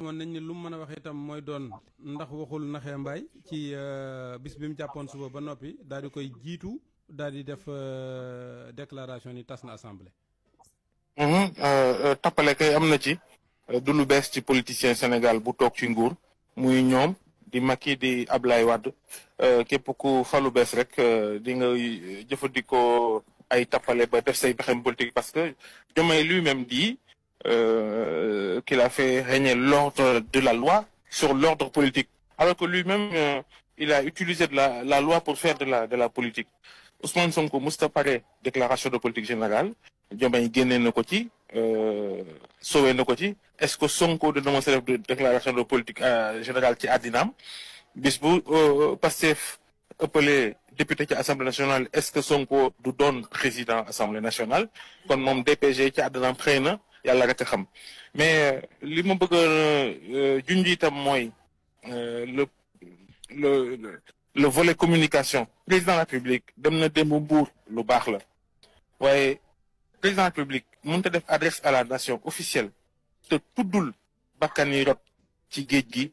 moon nañ ne lu mu mën a wax itam mooy doon ndax waxul naxee mbaay ci euh, bis bi mu jàppoon suba ba noppi daal di koy jiitu daal di def euh, déclaration ni tas na assemblée. Mhm, euh, tappale kay am na ci du lu bees ci politicien Sénégal bu toog ci nguur muy ñoom di Macky di Ablaye Wade képp ku falu bees rek di nga jëfandikoo ay tappale ba def say pexem politique parce que Diomaye lui-même dit euh, qu'il a fait régner l'ordre de la loi sur l'ordre politique. Alors que lui-même, euh, il a utilisé de la, la, loi pour faire de la, de la politique. Ousmane Sonko Moustapare, déclaration de politique générale, Diomaye Guéné Nokoti, euh, Sauvé Nokoti, est-ce que Sonko de demancer de déclaration de politique euh, générale qui Adinam, Bisbou, euh, Passef, appelé député ci l'Assemblée nationale est ce que Sonko donne donne président l'Assemblée nationale comme même DPG qui a xëy yalla rek xam mais euh, li ma bëgg a euh, junj mooy euh, le le le volet communication président de la République dem na démb mbuur lu baax la waaye président de la République def adresse à la nation officielle te tuddul bakkan yi rot ci géej gi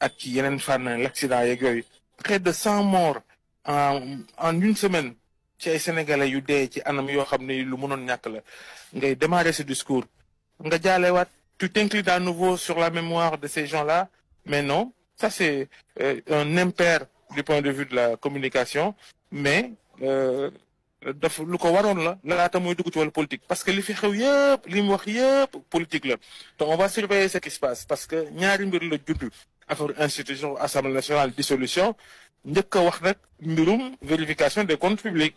ak ci yeneen fànn l'accident yeeg yooyu près de cent morts en en une semaine ci ay sénégalais yu dee ci anam yoo xam ne lu mënoon ñàkk la ngay démarrer ce discours tu t'inclines à nouveau sur la mémoire de ces gens-là, mais non. Ça, c'est euh, un impair du point de vue de la communication, mais euh, daf ko la politique parce que li fi politique donc on va surveiller ce qui se passe parce que nous, mbir la judd institution assemblée nationale dissolution nous wax vérification des comptes publics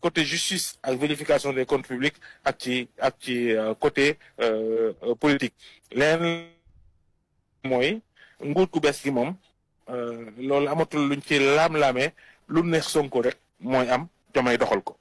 côté justice ak vérification des comptes publics acte acte ak ci euh, côté euh, euh, politique leen mooy nguur gu bees gi moom loolu amatul luñ ci laam-laamee lu neex Sonko rek mooy am Diomaye doxal ko